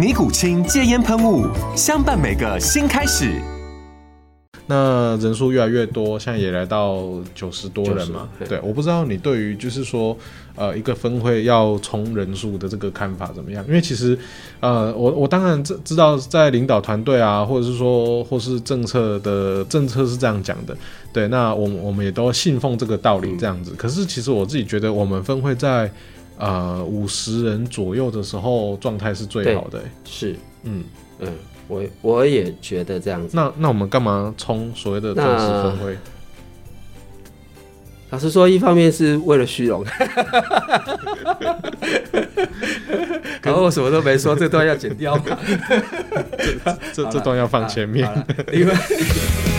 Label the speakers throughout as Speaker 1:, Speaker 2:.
Speaker 1: 尼古清戒煙噴霧，
Speaker 2: 相伴每個新開始。那人數越來越多，現在也來到九十多人嘛。90, 對，對。我不知道你對於就是說，呃，一個分會要衝人數的這個看法怎麼樣？因為其實，呃，我我當然知知道，在領導團隊啊，或者是說，或是政策的政策是這樣講的，對。那我們我們也都信奉這個道理，這樣子。嗯。可是其實我自己覺得，我們分會在。呃，五十人左右的時候狀態是最好的，欸。
Speaker 1: 是，嗯嗯，我我也覺得這樣子。
Speaker 2: 那那我們幹嘛
Speaker 1: 衝所謂的鑽石分會？老實說，一方面是為了虛榮。可是我什麼都沒說， 這段要剪掉 這。這這啦這段要放前面，因為、啊。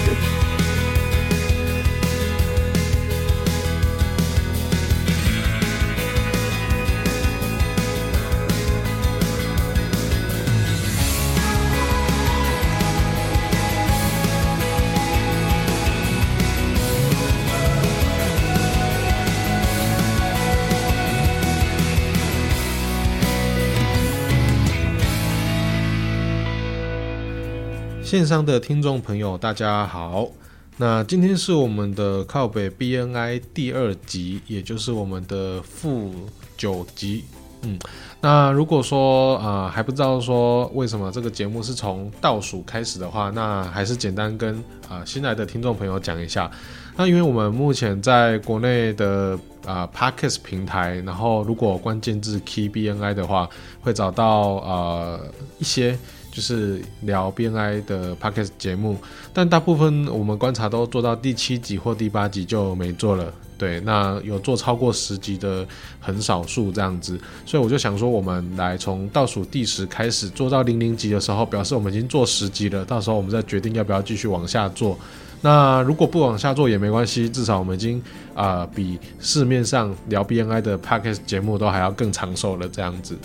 Speaker 2: 線上的聽眾朋友，大家好。那今天是我們的靠北 BNI 第二集，也就是我們的負九集。嗯，那如果說啊、呃、還不知道說為什麼這個節目是從倒數開始的話，那還是簡單跟啊、呃、新來的聽眾朋友講一下。那因為我們目前在國內的啊、呃、Podcast 平台，然後如果關鍵字 Key BNI 的話，會找到啊、呃、一些。就是聊 BNI 的 podcast 節目，但大部分我們觀察都做到第七集或第八集就沒做了。對，那有做超過十集的很少數這樣子，所以我就想說，我們來從倒數第十開始做到零零集的時候，表示我們已經做十集了。到時候我們再決定要不要繼續往下做。那如果不往下做也沒關係，至少我們已經啊、呃、比市面上聊 BNI 的 podcast 節目都還要更長壽了這樣子。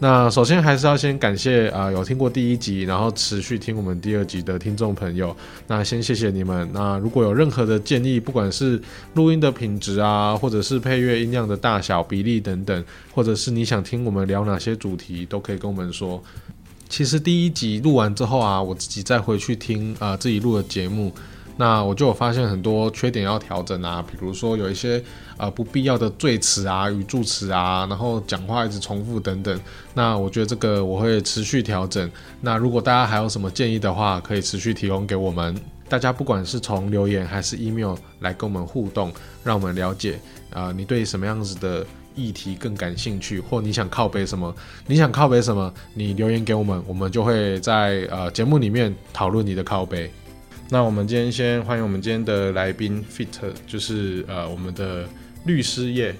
Speaker 2: 那首先還是要先感謝啊、呃，有聽過第一集，然後持續聽我們第二集的聽眾朋友，那先謝謝你們。那如果有任何的建議，不管是錄音的品質啊，或者是配樂音量的大小比例等等，或者是你想聽我們聊哪些主題，都可以跟我們說。其實第一集錄完之後啊，我自己再回去聽啊、呃、自己錄的節目。那我就有發現很多缺點要調整啊，比如說有一些呃不必要的贅詞啊、語助詞啊，然後講話一直重複等等。那我覺得這個我會持續調整。那如果大家還有什麼建議的話，可以持續提供給我們。大家不管是從留言還是 email 來跟我們互動，讓我們了解啊、呃，你對什麼樣子的議題更感興趣，或你想靠北什麼？你想靠北什麼？你留言給我們，我們就會在呃節目裡面討論你的靠北。那我們今天先歡迎我們今天的來賓，Fit，就是呃我們的律師耶。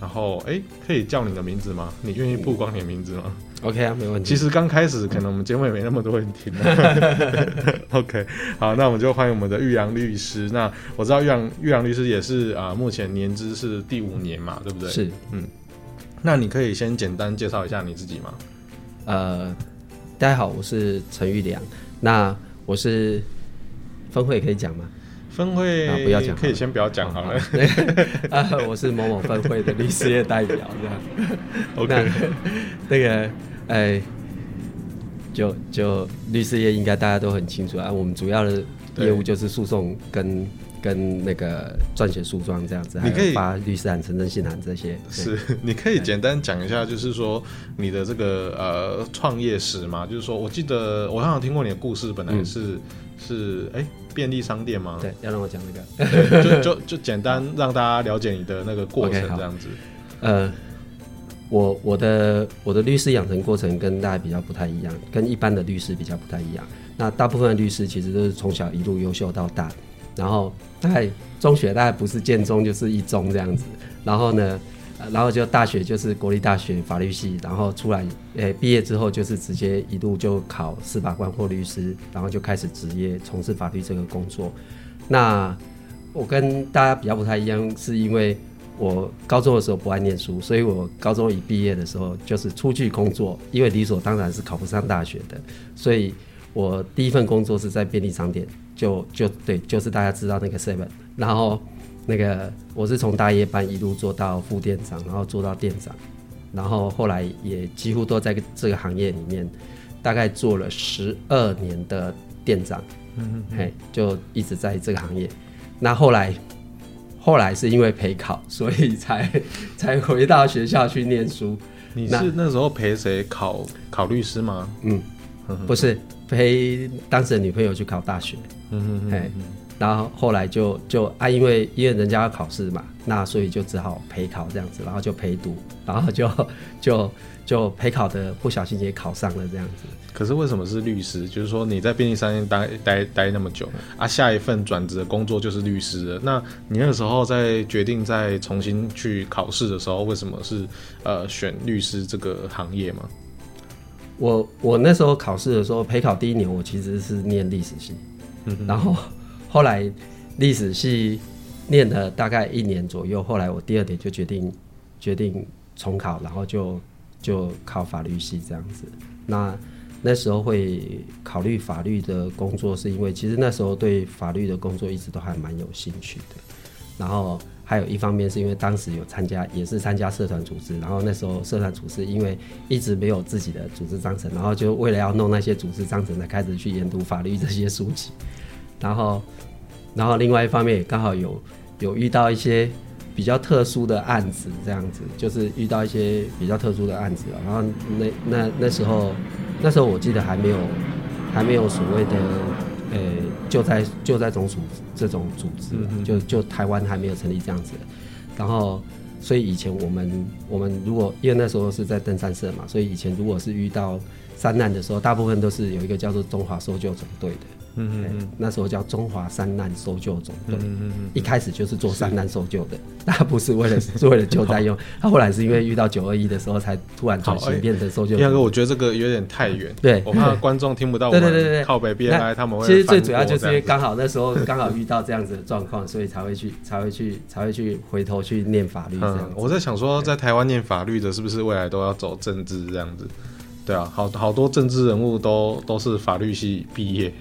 Speaker 2: 然後哎、欸，可以叫你的名字嗎？你願意曝光你的名字嗎、嗯、？OK 啊，沒問題。其實剛開始可能我們節目也沒那麼多人聽、啊、 OK，好，那我們就歡迎我們的玉良律師。那我知道玉良玉良律師也是啊、呃，目前年資是第五年
Speaker 1: 嘛，對不對？是，嗯。那你可以先簡單介紹一下你自己嗎？呃，大家好，我是陳玉良。那我是。分會可以講嗎？分會、啊、不要講，可以先不要講好了。啊，我是某某分會的律師業代表，這樣。OK，那個，哎、欸，就就律師業應該大家都很清楚啊。我們主要的業務就是訴訟跟對跟那個撰寫訴狀這樣子。你可以發律師函、存證信函這些。是，
Speaker 2: 你可以簡單講一下，就是說你的這個呃創業史嘛。就是說我記得我好像聽過你的故事，本來是。嗯是，哎、欸，便利
Speaker 1: 商店嗎？對，要讓我講那，這個，就就就簡單讓大家了解你的那個過程這樣子。Okay, 呃，我我的我的律師養成過程跟大家比較不太一樣，跟一般的律師比較不太一樣。那大部分的律師其實都是從小一路優秀到大，然後大概中學大概不是建中就是一中這樣子，然後呢。然後就大學就是國立大學法律系，然後出來，誒，畢業之後就是直接一路就考司法官或律師，然後就開始職業從事法律這個工作。那我跟大家比較不太一樣，是因為我高中的時候不愛念書，所以我高中一畢業的時候就是出去工作，因為理所當然是考不上大學的，所以我第一份工作是在便利商店，就就對，就是大家知道那個 seven，然後。那個我是從大夜班一路做到副店長，然後做到店長，然後後來也幾乎都在這個行業裡面，大概做了十二年的店長，嗯哼哼，嘿，就一直在這個行業。那後來，後來是因為陪考，所以才才回到學校去念書。 那你是那時候陪誰考考律師嗎？嗯，嗯哼哼，不是，陪當時的女朋友去考大學。嗯嗯嗯。然後後來就就啊，因為因為人家要考試嘛，那所以就只好陪考這樣子，然後就陪讀，然後就就就陪考的不小心也考上了這樣子。
Speaker 2: 可是為什麼是律師？就是說你在便利商店待待待那麼久啊，下一份轉職的工作就是律師了。那你那個時候在決定再重新去考試的時候，為什麼是呃選律師這個行業嗎？
Speaker 1: 我我那時候考試的時候陪考第一年，我其實是念歷史系，嗯哼。然後。後來歷史系念了大概一年左右，後來我第二年就決定決定重考，然後就就考法律系這樣子。那那時候會考慮法律的工作，是因為其實那時候對法律的工作一直都還蠻有興趣的。然後還有一方面是因為當時有參加，也是參加社團組織。然後那時候社團組織因為一直沒有自己的組織章程，然後就為了要弄那些組織章程，才開始去研讀法律這些書籍。然後，然後另外一方面也剛好有有遇到一些比較特殊的案子，這樣子，就是遇到一些比較特殊的案子。然後那那那時候，那時候我記得還沒有還沒有所謂的呃救災救災總署這種組織，嗯、哼就就台灣還沒有成立這樣子。然後所以以前我們我們如果因為那時候是在登山社嘛，所以以前如果是遇到山難的時候，大部分都是有一個叫做中華搜救總隊的。嗯嗯，那時候叫中華山難搜救總隊，嗯嗯嗯，一開始就是做山難搜救的，他不是為了是為了救災用，他後來是因為遇到九二一的時候才突然轉型變成搜救。第二個，我覺
Speaker 2: 得這個有點太遠，對，我怕觀眾聽不到。對對對對對，靠北邊來，他們會。其實最主要就是因為剛好那時候剛好遇
Speaker 1: 到這樣子的狀況，所以才會去才會去才會去回頭去念法律這樣。
Speaker 2: 我在想說，在台灣念法律的是不是未來都要走政治這樣子？對啊，好好
Speaker 1: 多政治人物都都是法律系畢業。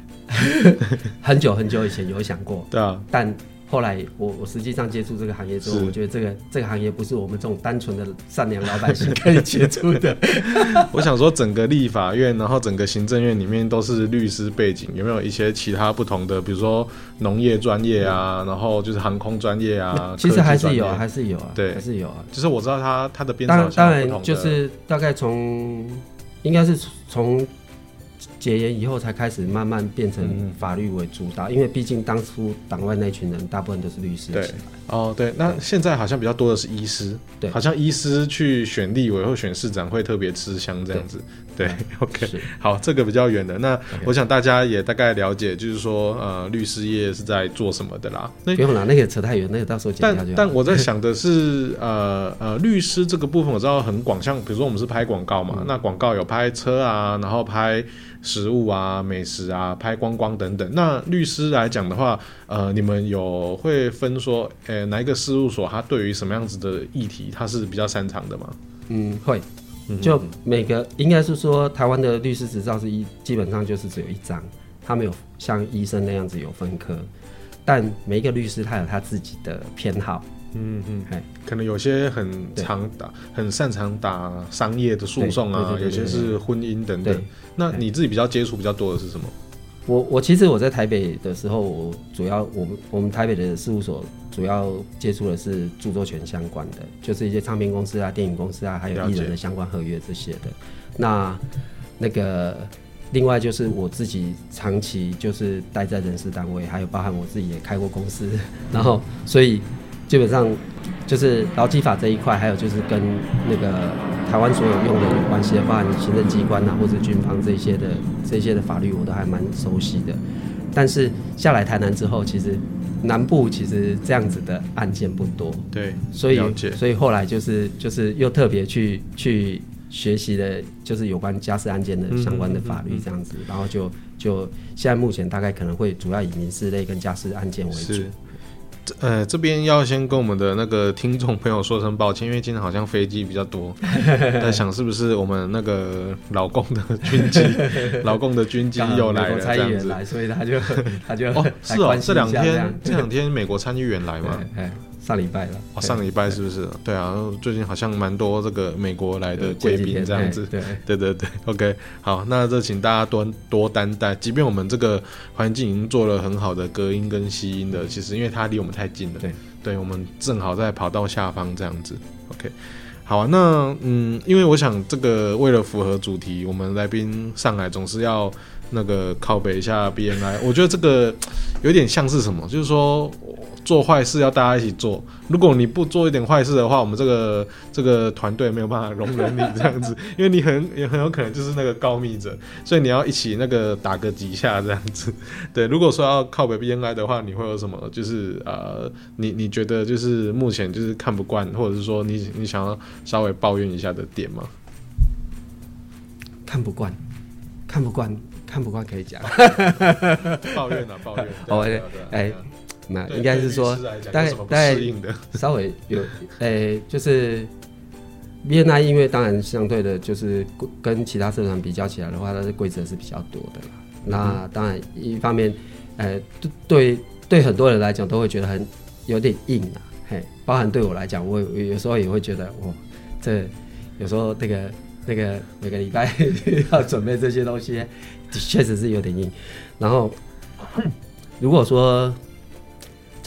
Speaker 1: 很久很久以前有想過， 對啊，但後來我我實際上接觸這個行業之後，是我覺得這個這個行業不是我們這種單純的善良老百姓可以接觸的。 我
Speaker 2: 想說，整個立法院，然後整個行政院裡面都是律師背景，有沒有一些其他不同的，比如說農業專業啊，嗯、然後就是航空專業啊，其實還是有，啊，科技專業，還是有啊，對，還是有啊。就是我知道他他的編程當然當然就是
Speaker 1: 大概從應該是從。解嚴以後才開始慢慢變成法律為主導，因為畢竟當初黨外那群人大部分都是律師。對
Speaker 2: 哦，對，那現在好像比較多的是醫師，對，好像醫師去選立委或選市長會特別吃香這樣子。對，OK，好，這個比較遠的。那我想大家也大概了解，就是說呃，律師業是在做什麼的啦。
Speaker 1: 那不用啦，那個扯太遠，那個到時候講下去。但但我在想的是，呃
Speaker 2: 呃，律師這個部分我知道很廣，像比如說我們是拍廣告嘛，那廣告有拍車啊，然後拍。食物啊、美食啊、拍光光等等。那律師來講的話，呃，你們有會分說，呃、欸，哪一個事務所他對於什麼樣子的議題
Speaker 1: 他是比較擅長的嗎？嗯，會。嗯、哼就每個應該是說，台灣的律師執照是一基本上就是只有一張，他沒有像醫生那樣子有分科。但每一個律師他有他自己的偏好。嗯嗯，可能有些
Speaker 2: 很常打，對很擅長打商業的訴訟啊，對對對對，有些是婚姻等等。對那你自己比較接觸比較多的是什麼？
Speaker 1: 我我其實我在台北的時候，我主要我們我們台北的事務所主要接觸的是著作權相關的，就是一些唱片公司啊、電影公司啊，還有藝人的相關合約這些的。解那那個另外就是我自己長期就是待在人事單位，還有包含我自己也開過公司，然後所以。基本上就是勞基法這一塊，還有就是跟那個台灣所有用的有關係的法案，行政機關啊或者是軍方這些的這些的法律，我都還蠻熟悉的。但是下來台南之後，其實南部其實這樣子的案件不多，對，所以所以後來就是就是又特別去去學習了，就是有關家事案件的相關的法律這樣子，然後就就現在目前大概可能會主要以民事類跟家事案件為主。
Speaker 2: 呃，這邊要先跟我們的那個聽眾朋友說聲抱歉，因為今天好像飛機比較多，在 想是不是我們那個老公的軍機， 老公的軍機又來了 剛剛來這樣子，所以他就他就哦，是哦， 這兩天 這兩天美國參議員來嘛。 嘿
Speaker 1: 嘿上禮拜
Speaker 2: 了，哦、對上禮拜是不是？對，對啊,最近好像蠻多這個美國來的貴賓這樣子。對、欸，對，對，對，對。OK，好，那這請大家多多擔待。即便我們這個環境已經做了很好的隔音跟吸音的，嗯、其實因為它離我們太近了。對，對我們正好在跑道下方這樣子。OK，好啊。那嗯，因為我想這個為了符合主題，我們來賓上來總是要那個靠北一下 BNI。我覺得這個有點像是什麼，就是說。做壞事要大家一起做。如果你不做一點壞事的話，我們這個這個團隊沒有辦法容忍你這樣子，因為你很也很有可能就是那個告密者，所以你要一起那個打個幾下這樣子。對，如果說要靠北邊來的話，你會有什麼？就是呃，你你覺得就是目前就是看不慣，或者是說你你想要稍微抱怨一下的點嗎？
Speaker 1: 看不慣，看不慣，看不慣可以講。 抱怨啊，抱怨。哦、 啊，哎、啊。對啊那嘛對應該是說，大概大概稍微有，誒、欸，就是，v n i 音樂當然相對的，就是跟其他社團比較起來的話，它的規則是比較多的啦。那當然一方面，誒、欸，對對，很多人來講都會覺得很有點硬啊，嘿，包含對我來講，我有，有時候也會覺得，哦，這有時候那個那個每個禮拜 要準備這些東西，確實是有點硬。然後，如果說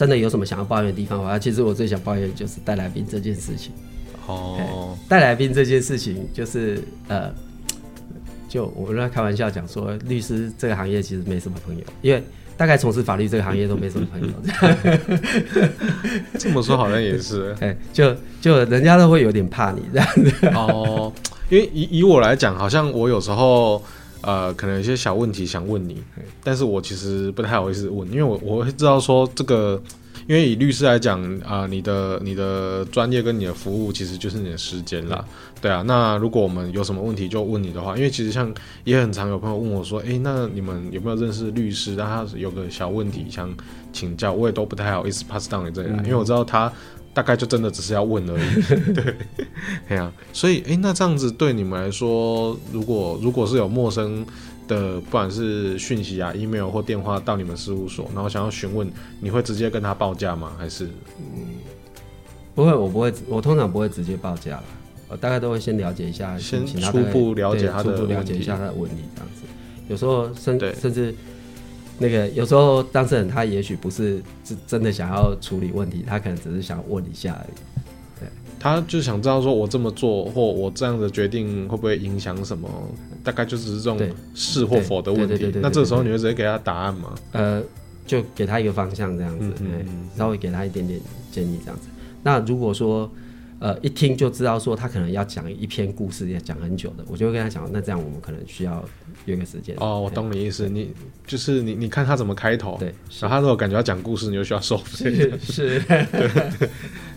Speaker 1: 真的有什麼想要抱怨的地方的話？我其實我最想抱怨就是帶來賓這件事情。哦、oh. 欸，帶來賓這件事情就是呃，就我在開玩笑講說，律師這個行業其實沒什麼朋友，因為大概從事法律這個行業都沒什麼朋友。 這麼說好像也是，哎、欸，就就人家都會有點怕你這樣子。哦，oh, 因為以以我來講，好像我有時候。
Speaker 2: 呃，可能有些小問題想問你，但是我其實不太好意思問，因為我我會知道說這個，因為以律師來講，啊、呃，你的你的專業跟你的服務其實就是你的時間啦。嗯、對啊。那如果我們有什麼問題就問你的話，因為其實像也很常有朋友問我說，誒、欸，那你們有沒有認識律師？他有個小問題想請教，我也都不太好意思 pass down 你這裡來，嗯、因為我知道他。大概就真的只是要問而已，對，對、 啊、所以，哎、欸，那這樣子對你們來說，如果如果是有陌生的，不管是訊息啊、 email 或電話到你們事務所，然後想要詢問，你會直接跟他報價嗎？還是？嗯，
Speaker 1: 不會，我不會，我通常不會直接報價了，我大概都會先了解一下，先初步了解他的，初步了解一下他的問題，這樣子，有時候甚甚至。那個有時候當事人他也許不是真真的想要處理問題，他可能只是想問一下而已，對，他
Speaker 2: 就想知道說我這麼做或我這樣的決定會不會影響什麼，大概就只是這種是或否的問題。那這個時候你會
Speaker 1: 直接給他答案嗎？呃，就給他一個方向這樣子嗯嗯嗯，稍微給他一點點建議這樣子。那如果說。呃，一聽就知道說他可能要講一篇故事，要講很久的，我就會跟他講，那這樣我們可能需要約個時間。哦，吧我懂你意思，你就是你，你看他怎麼開頭，對然後他如果感覺要
Speaker 2: 講故事，你就需要收。是是。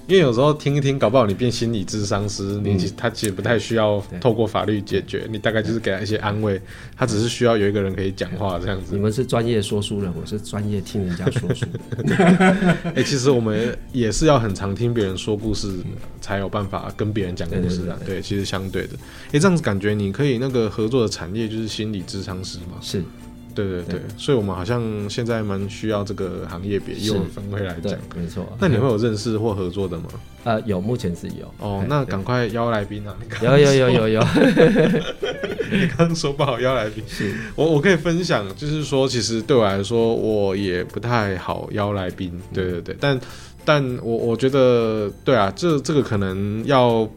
Speaker 2: 因為有時候聽一聽，搞不好你變心理諮商師。嗯、你他其實不太需要透過法律解決，對你大概就是給他一些安慰，對他只是需要有一個人可以講話這樣子。你們是專業說書人，我是專業聽人家說書的。哎，其實我們也是要很常聽別人說故事，對才有辦法跟別人講故事啊。對，對對，其實相對的，哎、欸，這樣子感覺你可以那個合作的產業就是心理諮商師嘛？是。對對對，對所以我們好像現在蠻需要這個行業別的分會來講，沒錯。那你會有，有認識或合作的嗎？
Speaker 1: 呃，有，目前是
Speaker 2: 有。哦、oh, 對，那趕快邀來賓啊！有有有有有！你剛剛說， 說不好邀來賓，是我我可以分享，就是說，其實對我來說，我也不太好邀來賓。嗯、對對對，但但我我覺得，對啊，這這個可能要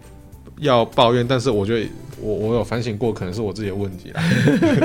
Speaker 2: 要抱怨，但是我覺得。我我有反省過，可能是我自己的問題啊。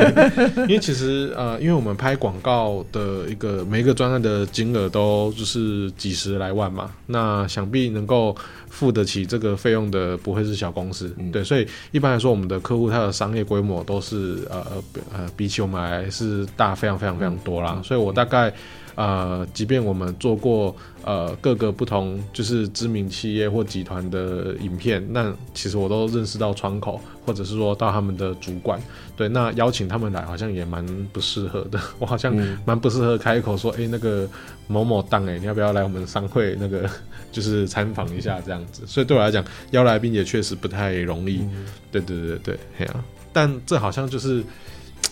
Speaker 2: 因為其實呃，因為我們拍廣告的一個每一個專案的金額都就是幾十來萬嘛，那想必能夠。付得起這個費用的不會是小公司，嗯、對，所以一般來說，我們的客戶他的商業規模都是呃呃比起我們來是大非常非常非常多啦。嗯、所以我大概呃，即便我們做過呃各個不同就是知名企業或集團的影片，那、嗯、其實我都認識到窗口或者是說到他們的主管，對，那邀請他們來好像也蠻不適合的，我好像蠻不適合開口說，哎、嗯欸，那個某某檔，哎，你要不要來我們商會那個？就是參訪一下這樣子，所以對我來講邀來賓也確實不太容易。嗯、對對對對，對啊，但這好像就是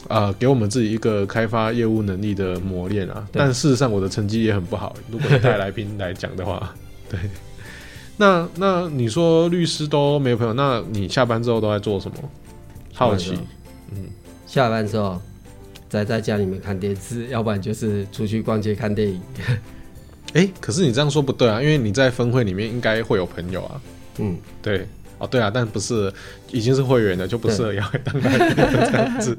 Speaker 2: 啊、呃，給我們自己一個開發業務能力的磨練啊。嗯、但事實上我的成績也很不好。如果帶來賓來講的話，呵呵對。那那你說律師都沒有朋友，那你下班之後都在做什麼？好奇。嗯，
Speaker 1: 下班之後宅在家裡面看電視，要不然就是出去逛街看電影。哎、欸，可是你這樣說不對啊，因為你在分會裡面應該會有朋友啊。嗯，
Speaker 2: 對，哦，對啊，但不適合已經是會員了，就不適合要當嘉賓這樣子。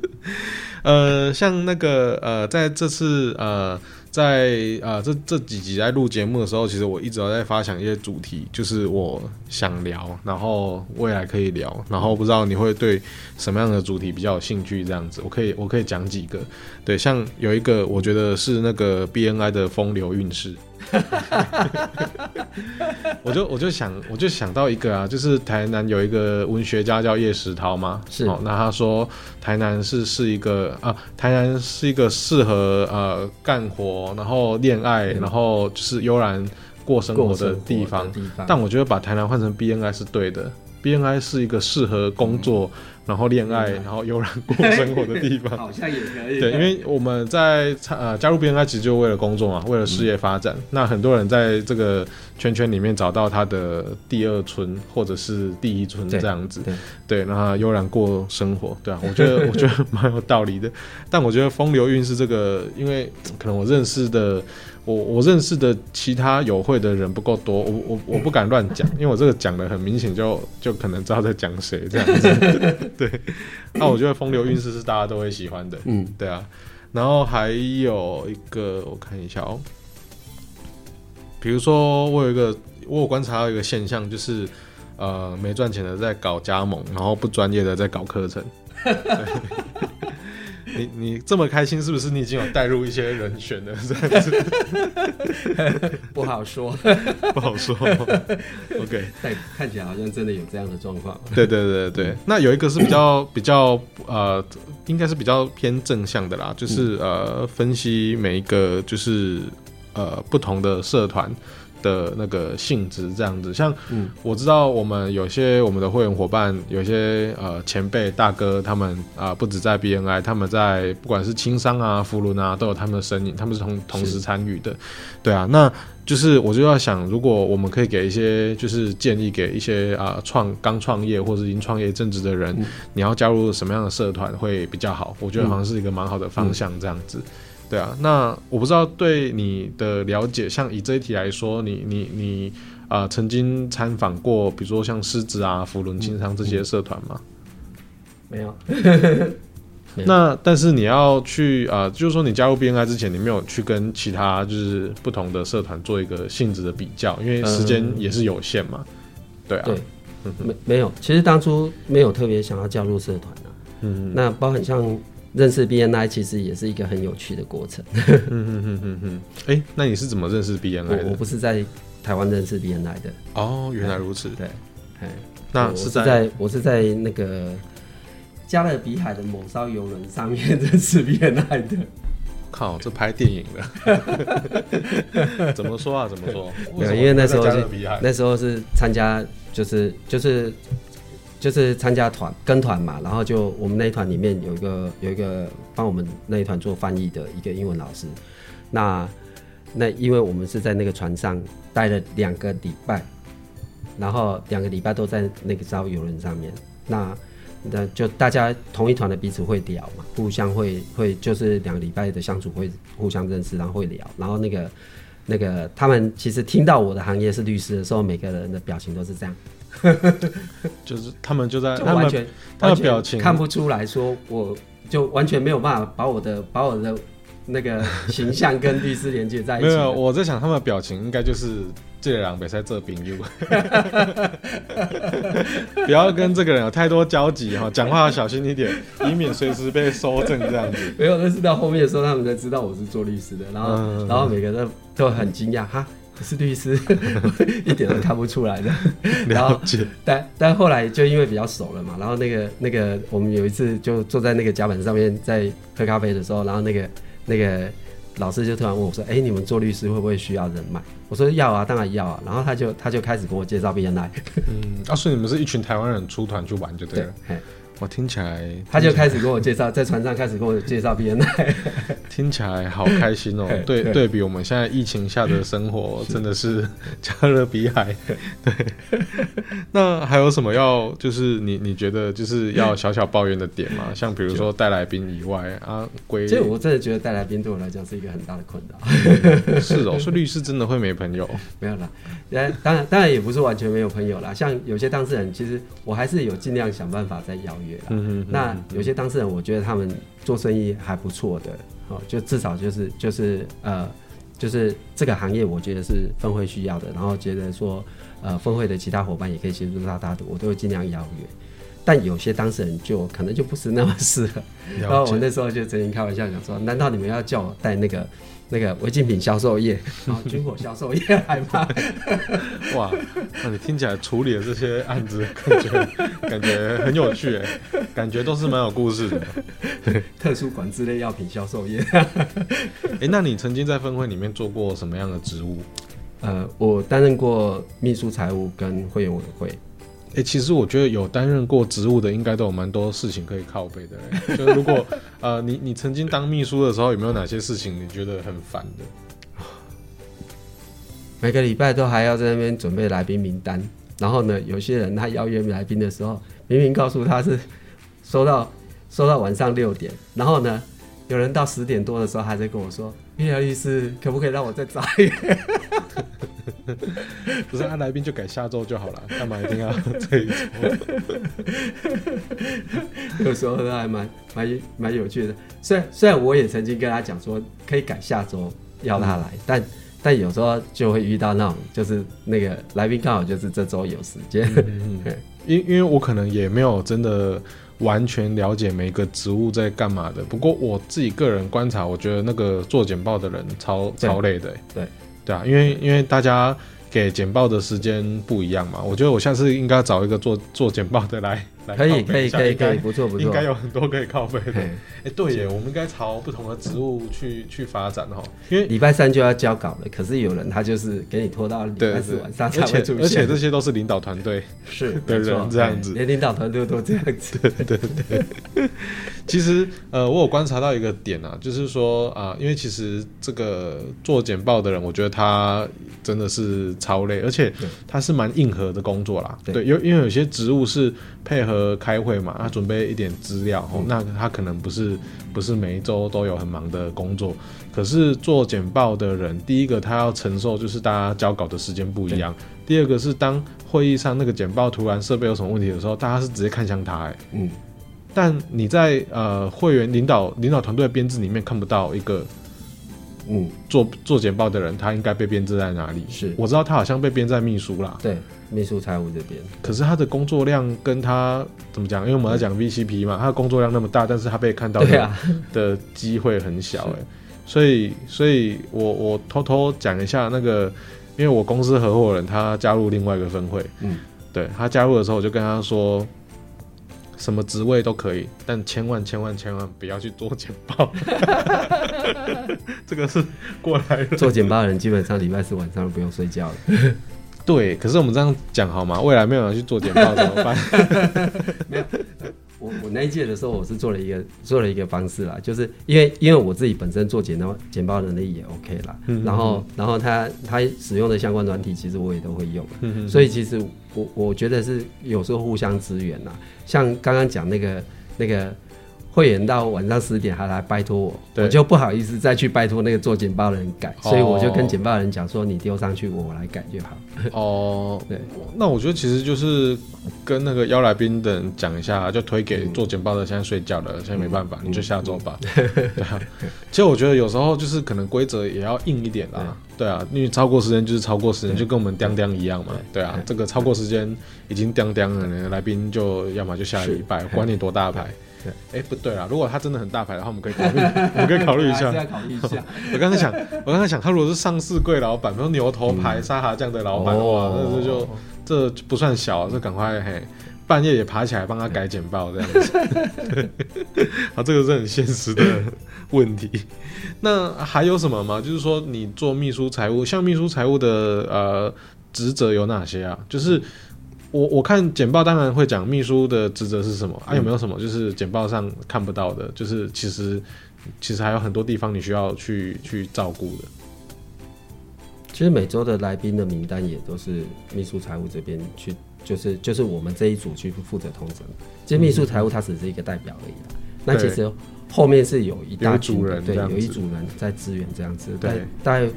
Speaker 2: 嗯、 呃，像那個呃，在這次呃，在呃，這這幾集在錄節目的時候，其實我一直在發想一些主題，就是我想聊，然後未來可以聊，然後不知道你會對什麼樣的主題比較有興趣這樣子，我可以我可以講幾個。對，像有一個我覺得是那個 BNI 的風流韻事。哈哈哈，我就我就想我就想到一個啊，就是台南有一個文學家叫葉石濤嘛，是、哦。那他說台南是是一個啊，台南是一個適合呃幹活，然後戀愛，嗯、然後就是悠然過生活的地方。地方，但我覺得把台南換成 BNI 是對的，BNI 是一個適合工作，嗯然後戀愛，啊、然後悠然過生活的地方， 好像也可以。對，也因為我們在呃加入 B N I，其實就為了工作嘛，為了事業發展。嗯、那很多人在這個圈圈裡面找到他的第二春或者是第一春這樣子，對，對，對，然後悠然過生活。對啊，我覺得我覺得蠻有道理的。 但我覺得風流韻事這個，因為可能我認識的。我我認識的其他友會的人不夠多，我我我不敢亂講，因為我這個講得很明顯，就就可能知道在講誰這樣子。 對，那、啊、我覺得風流韻事是大家都會喜歡的。嗯，對啊。然後還有一個，我看一下哦、喔。比如說，我有一個，我有觀察到一個現象，就是呃，沒賺錢的在搞加盟，然後不專業的在搞課程。對 你你這麼開心，是不是你已經有帶入一些人選了是不是？這
Speaker 1: 樣子不好說，不好說。 OK，但看起來好像真的有這樣的狀況。對
Speaker 2: 對對對，那有一個是比較 比較呃，應該是比較偏正向的啦，就是呃，分析每一個就是呃不同的社團的那個性質這樣子，像我知道我們有些我們的會員夥伴，嗯、有些呃前輩大哥他們啊、呃，不止在 BNI，他們在不管是青商啊、扶輪啊，都有他們的身影，他們是同同時參與的。是對啊，那就是我就要想，如果我們可以給一些就是建議給一些啊創剛創業或者已經創業正陣的人，嗯、你要加入什麼樣的社團會比較好？我覺得好像是一個蠻好的方向這樣子。嗯嗯對啊，那我不知道對你的了解，像以這一題來說，你你你啊、呃，曾經參訪過，比如說像獅子啊、扶輪、青商這些社團嗎？
Speaker 1: 沒有。呵呵沒有。那
Speaker 2: 但是你要去啊、呃，就是說你加入 B N I 之前，你沒有去跟其他就是不同的社團做一個性質的比較，因為時間也是有限嘛。嗯、對啊。對，嗯、哼沒
Speaker 1: 沒有，其實當初沒有特別想要加入社團的、啊。嗯，那包含像、嗯。認識 B N I 其實也是一個很有趣的過程。哎、欸，那你是怎麼認識 B N I 的？我我不是在台灣認識 B N I 的。哦，原來如此。對。對那對是在，是在我是在那個加勒比海的某艘遊輪上面認識 B N I 的。靠，這拍電影的。 怎麼說啊？怎麼說？因為那時候那時候是參加、就是，就是就是。就是參加團跟團嘛，然後就我們那一團裡面有一個有一個幫我們那一團做翻譯的一個英文老師，那那因為我們是在那個船上待了兩個禮拜，然後兩個禮拜都在那個艘遊輪上面，那那就大家同一團的彼此會聊嘛，互相會會就是兩個禮拜的相處會互相認識，然後會聊，然後那個那個他們其實聽到我的行業是律師的時候，每個人的表情都是這樣。
Speaker 2: 就是他們就在就他完全，他的表情，看不出
Speaker 1: 來說，我就完全沒有辦法把我的把我的那個形象跟律師連接在一起。 沒有，我在
Speaker 2: 想他們的表情應該就是這兩杯在這邊，不要跟這個人有太多交集哈，講話要小心一點， 以免隨時被搜證這樣
Speaker 1: 子。 沒有，但、就是到後面的時候，他們才知道我是做律師的，然後、嗯、然後每個人都都很驚訝哈。是律師， 一點都看不出來的。了解，然後但但後來就因為比較熟了嘛，然後那個那個我們有一次就坐在那個甲板上面在喝咖啡的時候，然後那個那個老師就突然問我說：“哎，你們做律師會不會需要人脈？”我說：“要啊，當然要啊。”然後他就他就開始給我介紹 BNI。嗯、啊，所以你們是一群台灣人出團去玩就對了。對，嘿。我聽起來，他就開始跟我介紹，在船上開始跟我介紹 BNI，
Speaker 2: 聽起來好開心哦、喔。 對，對比我們現在疫情下的生活，是真的是加勒比海。對， 那還有什麼要就是你你覺得就是要小小抱怨的點嗎？像比如說帶來賓以外 啊，歸。這我
Speaker 1: 真的覺得帶來賓對我來講是一個很大的困擾。 是哦、喔，所
Speaker 2: 以律師真的會沒朋友。
Speaker 1: 沒有啦，呃，當然當然也不是完全沒有朋友啦。像有些當事人，其實我還是有盡量想辦法在邀約。嗯哼嗯哼，那有些當事人，我覺得他們做生意還不錯的，好，就至少就是就是呃，就是這個行業，我覺得是分會需要的，然後覺得說呃，分會的其他夥伴也可以協助到他的，我都會盡量邀約。但有些當事人就可能就不是那麼適合，了解。然後我那時候就曾經開玩笑講說，難道你們要叫我帶那個？那個違禁品銷售業，啊、 哦，軍火銷售業，害怕， 哇，那你聽起來處理的這些案子，
Speaker 2: 感覺感覺很有趣，感覺都是蠻有故事的， 特
Speaker 1: 殊管制類藥品銷售業，
Speaker 2: 哎、 欸，那你曾經在分會裡面做過什麼樣的職務？呃，我擔任過秘書、財務跟會員委會。欸、其實我覺得有擔任過職務的，應該都有蠻多事情可以靠北的 就如果，呃，你你曾經當秘書的時候，有沒有哪些事情你覺得很煩的？
Speaker 1: 每個禮拜都還要在那邊準備來賓名單，然後呢，有些人他邀約來賓的時候，明明告訴他是收到收到晚上六點，然後呢，有人到十點多的時候還在跟我說，葉律師可不可以讓我再早一點？
Speaker 2: 不 是、啊，他來賓就改下周就好了，幹嘛一定要這一周？
Speaker 1: 有時候還蠻蠻蠻有趣的。雖然雖然我也曾經跟他講說可以改下周要他來，嗯、但但有時候就會遇到那種就是那個來賓剛好就是這周有時間。
Speaker 2: 因 因為我可能也沒有真的完全了解每個職務在幹嘛的。不過我自己個人觀察，我覺得那個做簡報的人超對超累的。對。因為因為大家給簡報的時間不一樣嘛，我覺得我下次應該找一個
Speaker 1: 做做簡報的來。可以可以可以可以，不錯不錯，應該
Speaker 2: 有很多可以靠北的。哎，對耶，我們應該朝不同的職務去去發展哦。因
Speaker 1: 為禮拜三就要交稿了，可是有人他就是給你拖到禮拜四晚上，而且這些都是領導團隊，是，沒錯，這樣子，
Speaker 2: 連領導團隊都這樣子，對對對。其實呃，我有觀察到一個點啊，就是說啊，因為其實這個做簡報的人，我覺得他真的是超累，而且他是蠻硬核的工作啦。對，因因為有些職務是配合。呃，開會嘛，他、啊、準備一點資料，嗯、那他可能不是不是每一周都有很忙的工作，可是做簡報的人，第一個他要承受就是大家交稿的時間不一樣，嗯、第二個是當會議上那個簡報突然設備有什麼問題的時候，大家是直接看向他，哎，嗯，但你在呃會員領導領導團隊的編制裡面看不到一個，嗯，做做簡報的人，他應該被編制在哪裡？是我知道他好像被編在秘書啦。對。秘書財務這邊，可是他的工作量跟他怎麼講？因為我們要講 VCP 嘛，對他的工作量那麼大，但是他被看到的、啊、機會很小、欸、是所以，所以我我偷偷講一下那個，因為我公司合夥人他加入另外一個分會，嗯、對，他加入的時候我就跟他說，什麼職位都可以，但千萬,千萬千萬千萬不要去做簡報， 這個是過來做簡報的人
Speaker 1: 基本上禮拜四晚上都不用睡覺
Speaker 2: 了 對，可是我們這樣講好嗎？未來沒有人去做簡報怎麼辦？ 沒
Speaker 1: 有，我我那一屆的時候，我是做了一個做了一個方式啦，就是因為因為我自己本身做簡報簡報能力也 OK 啦，嗯、哼然後然後他他使用的相關軟體其實我也都會用，嗯、哼所以其實我我覺得是有時候互相支援啦，像剛剛講那個那個。那個會延到晚上十點，還來拜託我，我就不好意思再去拜託那個做簡報的人改，所以我就跟簡報的人講說：“你丟上去，我來改就好。”哦，
Speaker 2: 那我覺得其實就是跟那個邀來賓的人講一下，就推給做簡報的，現在睡覺了，現在沒辦法，你就下周吧。對啊，其實我覺得有時候就是可能規則也要硬一點啦。對啊，因為超過時間就是超過時間，就跟我們“叮叮”一樣嘛。對啊，這個超過時間已經“叮叮”了，來賓就要麼就下禮拜，管你多大牌。哎，欸、不對啦。如果他真的很大牌的話，我們可以考慮， 我們可以考慮一下。 考慮一下 我剛才想，我剛才想，他如果是上市櫃老闆，比如說牛頭牌、嗯、沙茶醬的老闆，哇、哦，那就這不算小，嗯、這趕快嘿，半夜也爬起來幫他改簡報這樣子。好、嗯 啊，這個是很現實的問題。 那還有什麼嗎？就是說，你做秘書財務，像秘書財務的呃職責有哪些啊？就是。嗯我我看簡報當然會講秘書的職責是什麼、嗯、啊，有沒有什麼就是簡報上看不到的？就是其實其實還有很多地方你需要去去照顧的。其
Speaker 1: 實每週的來賓的名單也都是秘書財務這邊去，就是就是我們這一組去負責通知。其實秘書財務它只是一個代表而已、啊。嗯、哼那其實後面是有一大群對有一組人，對，有一組人在支援這樣子。對，對，大概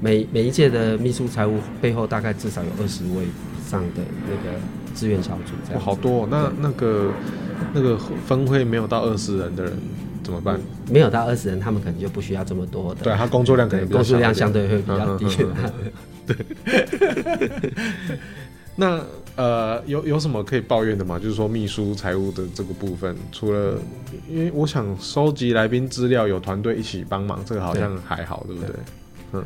Speaker 1: 每每一屆的秘書財務背後大概至少有二十位。上的那個志願小組，哦，好
Speaker 2: 多哦！那那個那個分會沒有到二十人的人怎麼辦？嗯，
Speaker 1: 沒有到二十人，他們可能就不需要這麼多的。對他工作量可能比工作量相對會比較低。對，那呃，有有什麼可
Speaker 2: 以抱怨的嗎？就是說秘書財務的這個部分，除了因為我想收集來賓資料，有團隊一起幫忙，這個好像還好，對，對不對？對嗯。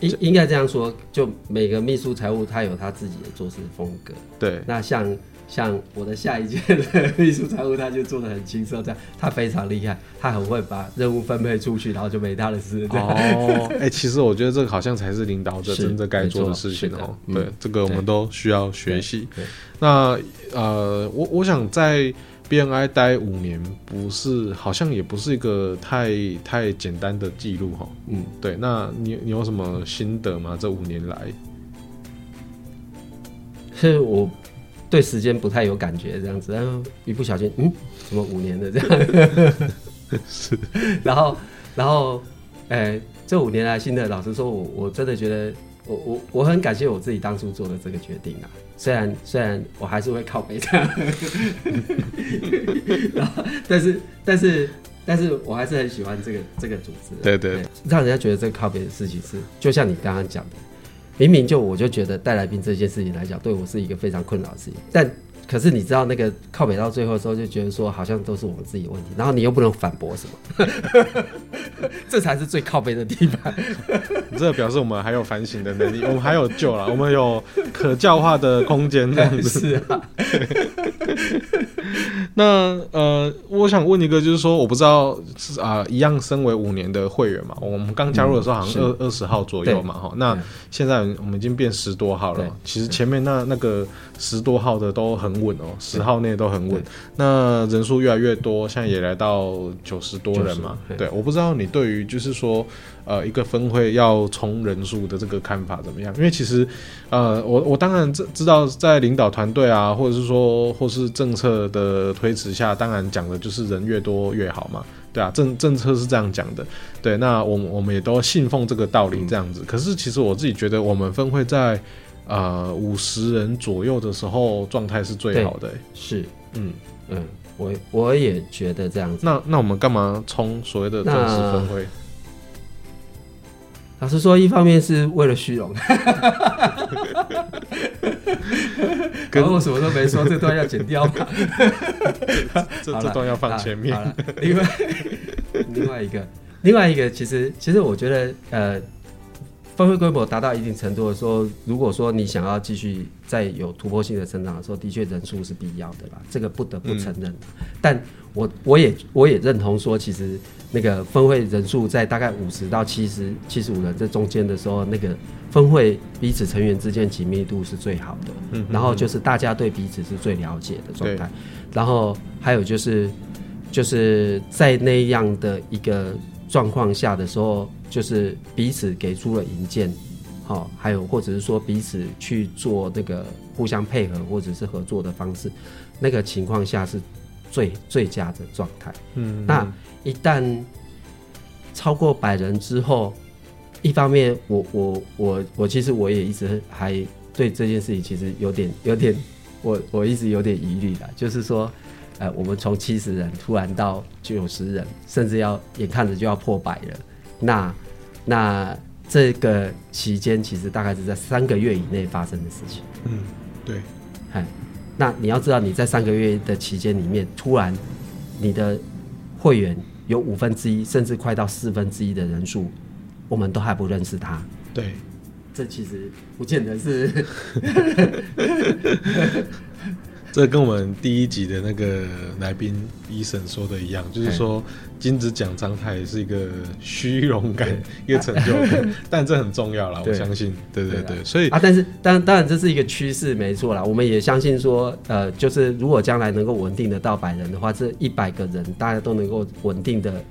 Speaker 1: 就應應該這樣說，就每個秘書財務他有他自己的做事風格，對。那像像我的下一屆的秘書財務，他就做得很輕鬆，這樣他非常厲害，他很會把任務分配出去，然後就沒他的事。哦，哎、 欸，
Speaker 2: 其實我覺得這個好像才是領導者是真正該做的事情哦、喔。沒對，嗯、這個我們都需要學習。對對對，那呃，我我想在。B N I 待五年，不是好像也不是一個太太簡單的記錄哈。嗯，對，那你你有什麼心得嗎？這五年來，
Speaker 1: 是我對時間不太有感覺，這樣子，然、啊、一不小心，嗯，怎麼五年了這樣？ 是然，然後然後，哎、欸，這五年來心得，老實說我，我我真的覺得。我我我很感謝我自己當初做的這個決定啊，雖然雖然我還是會靠北他， 但是但是但是我還是很喜歡這個這個組織，對對，對，對，讓人家覺得這個靠北的事情是，就像你剛剛講的，明明就我就覺得帶來賓這件事情來講，對我是一個非常困擾的事情，但。可是你知道，那個靠北到最後的時候，就覺得說好像都是我們自己的問題，然後你又不能反駁什麼， 這才是最靠北的地方。 這表示我們還
Speaker 2: 有反省的能力， 我們還有救了，我們有可教化的空間，這樣子。 那呃，我想問一個，就是說，我不知道是啊、呃，一樣身為五年的會員嘛，我們剛加入的時候好像二二十號左右嘛，哈、嗯，那現在我們已經變十多號了。對其實前面那對那個十多號的都很穩哦，十對號內都很穩。對那人數越來越多，現在也來到九十多人嘛。就是、對，對，我不知道你對於就是說。呃，一個分會要衝人數的這個看法怎麼樣？因為其實，呃，我我當然知知道，在領導團隊啊，或者是說，或是政策的推遲下，當然講的就是人越多越好嘛。對啊，政政策是這樣講的，對。那我們我們也都信奉這個道理，這樣子。嗯、可是其實我自己覺得，我們分會在呃五十人左右的時候，狀態是最好的、欸。是，嗯嗯，
Speaker 1: 我我也覺得這樣
Speaker 2: 子。那那我們幹嘛衝所謂的正式分會？
Speaker 1: 老實說，一方面是為了虛榮，可 能跟、啊、我什麼都沒說， 這段要剪掉嗎？ 好了啦，這段要放前面。好好另外， 另外一個，另外一個，其實，其實，我覺得，呃。分會規模達到一定程度的時候，如果說你想要繼續再有突破性的成長的時候，的確人數是必要的啦，這個不得不承認。嗯、但我我也我也認同說，其實那個分會人數在大概五十到七十、七十五人這中間的時候，那個分會彼此成員之間緊密度是最好的，嗯，嗯然後就是大家對彼此是最了解的狀態。對然後還有就是就是在那樣的一個狀況下的時候。就是彼此給出了引薦，好，還有或者是說彼此去做這個互相配合或者是合作的方式，那個情況下是最最佳的狀態。嗯，嗯，那一旦超過百人之後，一方面我，我我我我其實我也一直還對這件事情其實有點有點，我我一直有點疑慮的，就是說，呃，我們從七十人突然到九十人，甚至要眼看着就要破百了。那，那這個期間其實大概是在三個月以內發生的事情。嗯，對。哎，那你要知道，你在三個月的期間裡面，突然你的會員有五分之一，甚至快到四分之一的人數，我們都還不認識他。對，這其實不見得是。
Speaker 2: 這跟我們第一集的那個來賓 Eason 說的一樣，就是說金
Speaker 1: 子獎章台是一個虛榮感，對一個成就感。哎、但這很重要啦，啊、我相信，對對對，對啊、所以啊，但是當然當然這是一個趨勢，沒錯啦。我們也相信說，呃，就是如果將來能夠穩定的到百人的話，這一百個人大家都能夠穩定的，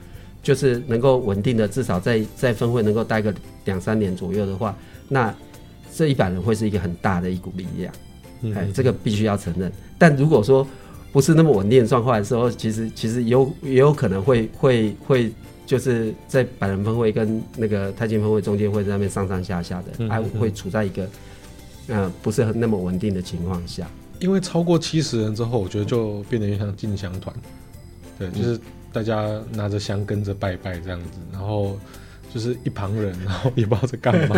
Speaker 1: 就是能夠穩定的至少在在分會能夠待個兩三年左右的話，那這一百人會是一個很大的一股力量。哎，這個必須要承認。但如果說不是那麼穩定的狀況的時候，其實其實有也有可能會會會就是在百人分會跟那個太監分會中間會在那邊上上下下的，還、嗯啊、會處在一個、嗯、呃不是很那麼穩定的情況下。
Speaker 2: 因為超過七十人之後，我覺得就變得有點像進香團，嗯、對，就是大家拿着香跟着拜拜這樣子，然後。就是一旁人，然後也不知道在幹嘛。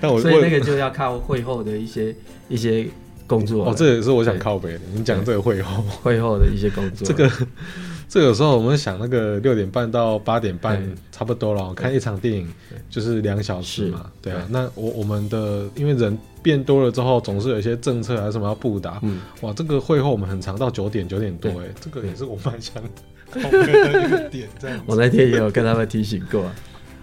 Speaker 2: 但我所以那個就要
Speaker 1: 靠會後的一些
Speaker 2: 一些工作哦，這也是我想靠北的。你講這個會後，會後的一些工作。這個，這有時候我們想那個六點半到八點半差不多了，看一場電影就是兩小時嘛。對啊，那我我們的因為人變多了之後，總是有一些政策還是什麼要布達。嗯，哇，這個會後我們很長，到九點九點多。哎，這個也是我蠻想靠
Speaker 1: 北的一個點在。我那天也有跟他們提醒過。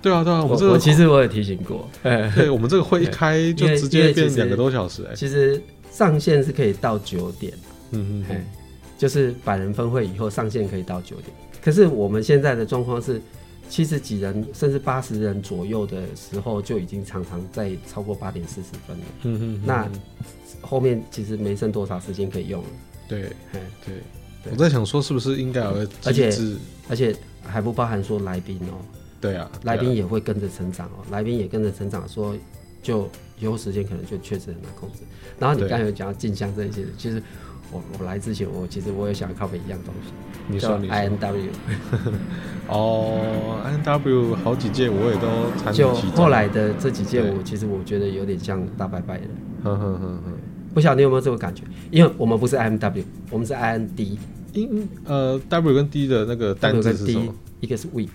Speaker 1: 對啊對啊，我、這個、我，我其實我也提醒過、哎，對，我們這個會一開就直接變兩個多小時、哎其。其實上限是可以到九點、啊，嗯哼哼、哎，就是百人分會以後上限可以到九點。可是我們現在的狀況是七十幾人甚至八十人左右的時候就已經常常在超過八點四十分了。嗯哼哼。那後面其實沒剩多少時間可以用了。對，對，哎、對，我在想說
Speaker 2: 是不是應該而且
Speaker 1: 而且還不包含說來賓哦。對啊，來賓也會跟着成長哦，來賓也跟着成長，說就有時間可能就確實很難控制。然後你剛才有講到進香這一些，其實我我來之前，我其實我也想要靠北一樣東西，你說你 I N W，哦，I N W 好幾屆我也都參加過，後來的這幾屆，我其實我覺得有點像大拜拜的。不曉得你有沒有這個感覺？因為我們不是 I N W，我們是 I N D，因呃 W 跟 D 的那個單字是什麼？一個是 weak。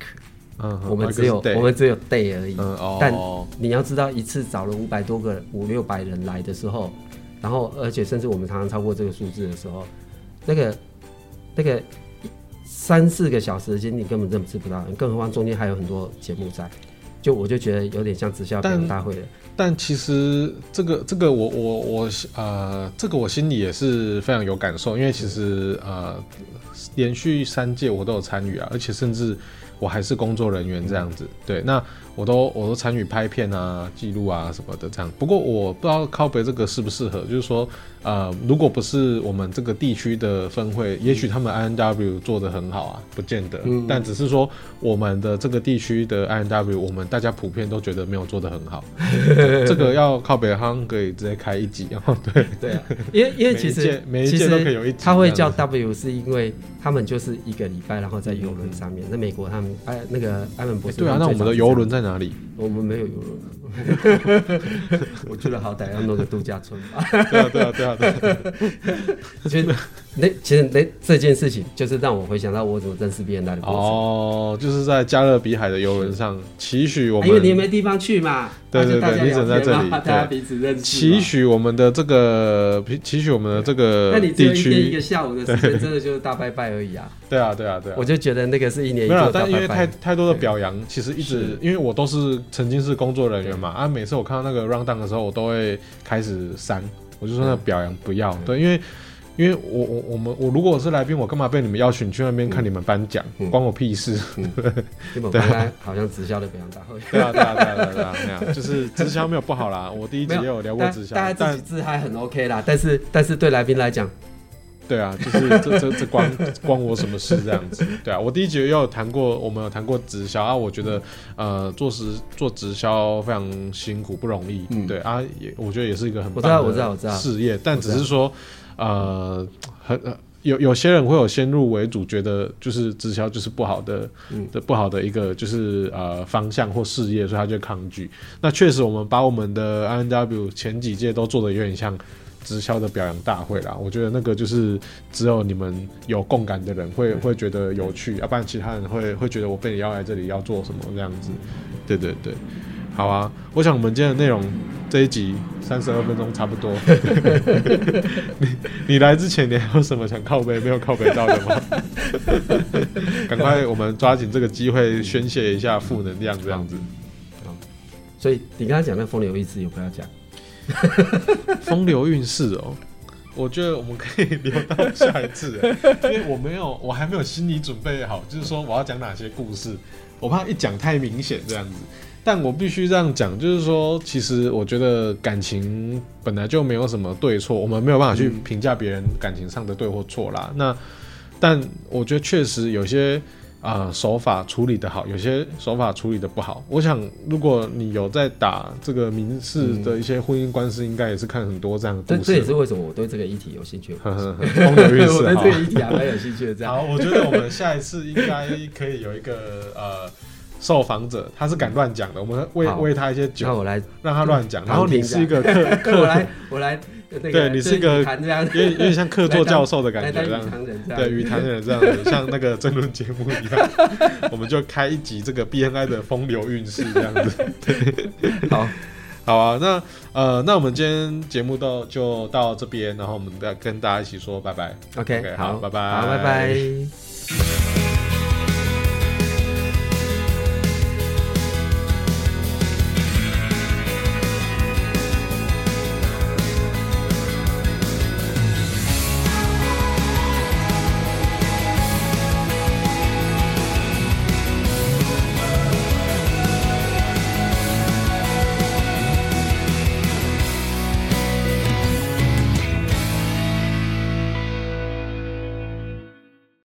Speaker 1: 嗯，我們只有我們只有 day 而已，嗯、但你要知道，一次找了五百多個、五六百人來的時候，然後而且甚至我們常常超過這個數字的時候，那個那個三四個小時的經歷你根本認知不到，更何況中間還有很多節目在，就我就覺得有點像直銷大會了，但。
Speaker 2: 但其實這個這個我我我呃，這個我心裡也是非常有感受，因為其實呃，連續三屆我都有參與啊，而且甚至。我還是工作人員這樣子，嗯、對，那我都我都參與拍片啊、記錄啊什麼的這樣。不過我不知道靠北這個適不適合，就是說，呃，如果不是我們這個地區的分會，嗯、也許他們 I N W 做得很好啊，不見得。嗯、但只是說我們的這個地區的 I N W，我們大家普遍都覺得沒有做得很好。 這個要靠北，好，可以直接開一集。然後對對，對啊、因為因為其實每一屆都可以有一集，其實他會叫
Speaker 1: W 是因為。他們就是一個禮拜，然後在遊輪上面。那美國他們哎，欸、那個埃文博士對啊，那我們的遊輪在哪裡？我們沒有遊輪啊。 我覺得好歹要弄個度假村吧。 對啊，對啊，對啊，對啊。啊那其實那這件事情，就是讓我回想到我怎麼認識 BNI 的過程
Speaker 2: 哦，就是在加勒比海的遊輪上，期許我們，因為你沒
Speaker 1: 地方去嘛，對對對，你只能在這裡，大家彼此認識，期
Speaker 2: 許我們的這個，期許我們的這個，那你只有一天一個下午的時間，真的
Speaker 1: 就是大拜拜而已啊！對啊，對啊，對啊！我就覺得那個是一年一個，但因為太
Speaker 2: 太多的表揚，其實一直因為我都是曾經是工作人員嘛，啊，每次我看到那個 rundown 的時候，我都會開始刪，我就說那表揚不要，對，因為。因為我我我們我如果我是來賓，我幹嘛被你們邀請去那邊看你們頒獎？關、嗯、我屁事！嗯，嗯對吧，
Speaker 1: 好像直銷的比較大對、啊，對啊對啊對啊,對啊,對,啊,對,啊,對,啊對啊，就是直銷沒有不好啦。 我第一集也有聊過直銷，但自,自嗨很 OK 啦。但,但是但是對來賓來講，
Speaker 2: 對啊，就是這這這關關我什麼事這樣子？對啊，我第一集也有談過，我們有談過直銷啊。我覺得呃，做直做直銷非常辛苦，不容易。嗯，對啊，也我覺得也是一個很棒的我知道我知道我知道事業，但只是說。呃，很有有些人會有先入為主，覺得就是直銷就是不好的，的、嗯、不好的一個就是呃方向或事業，所以他就抗拒。那確實，我們把我們的 I N W 前幾屆都做的有點像直銷的表揚大會啦，我覺得那個就是只有你們有共感的人會、嗯、會覺得有趣，要、啊、不然其他人會會覺得我被你邀來這裡要做什麼這樣子。對對對。好啊，我想我們今天的內容這一集三十二分鐘差不多。呵呵 你你來之前你還有什麼想靠北沒有靠北到的嗎？趕 快，我們抓緊這個機會宣洩一下負能量這樣子。嗯嗯嗯
Speaker 1: 嗯嗯、所以你剛才講的風流韻事，也不要講。
Speaker 2: 風流韻事哦，
Speaker 1: 我覺得我們可以
Speaker 2: 留到下一次，因為我沒有，我還沒有心理準備好，就是說我要講哪些故事，我怕一講太明顯這樣子。但我必須這樣講，就是說，其實我覺得感情本來就沒有什麼對錯，我們沒有辦法去評價別人感情上的對或錯啦。嗯、那，但我覺得確實有些啊、呃、手法處理得好，有些手法處理得不好。我想，如果你有在打這個民事的一些婚姻官司，嗯、應該也是看很多這樣的故事。這這也是
Speaker 1: 為什麼我對這個議題有興趣， 我對這個議題啊很有興趣。這樣 好，我覺得我們下一次應該可以有一
Speaker 2: 個呃。受訪者他是敢亂講的，我們餵餵他一些酒，我來讓他亂講。然後你是一個客，我來
Speaker 1: 對你是一個，因為像客座教授的感覺這樣，對與談人這樣，像那
Speaker 2: 個政論節目一樣，我們就開一集這個 B N I 的風流韻事這樣子。好，好啊，那呃，那我們今天節目到就到這邊，然後我們再跟大家一起說拜拜。OK，好，拜拜，好拜拜。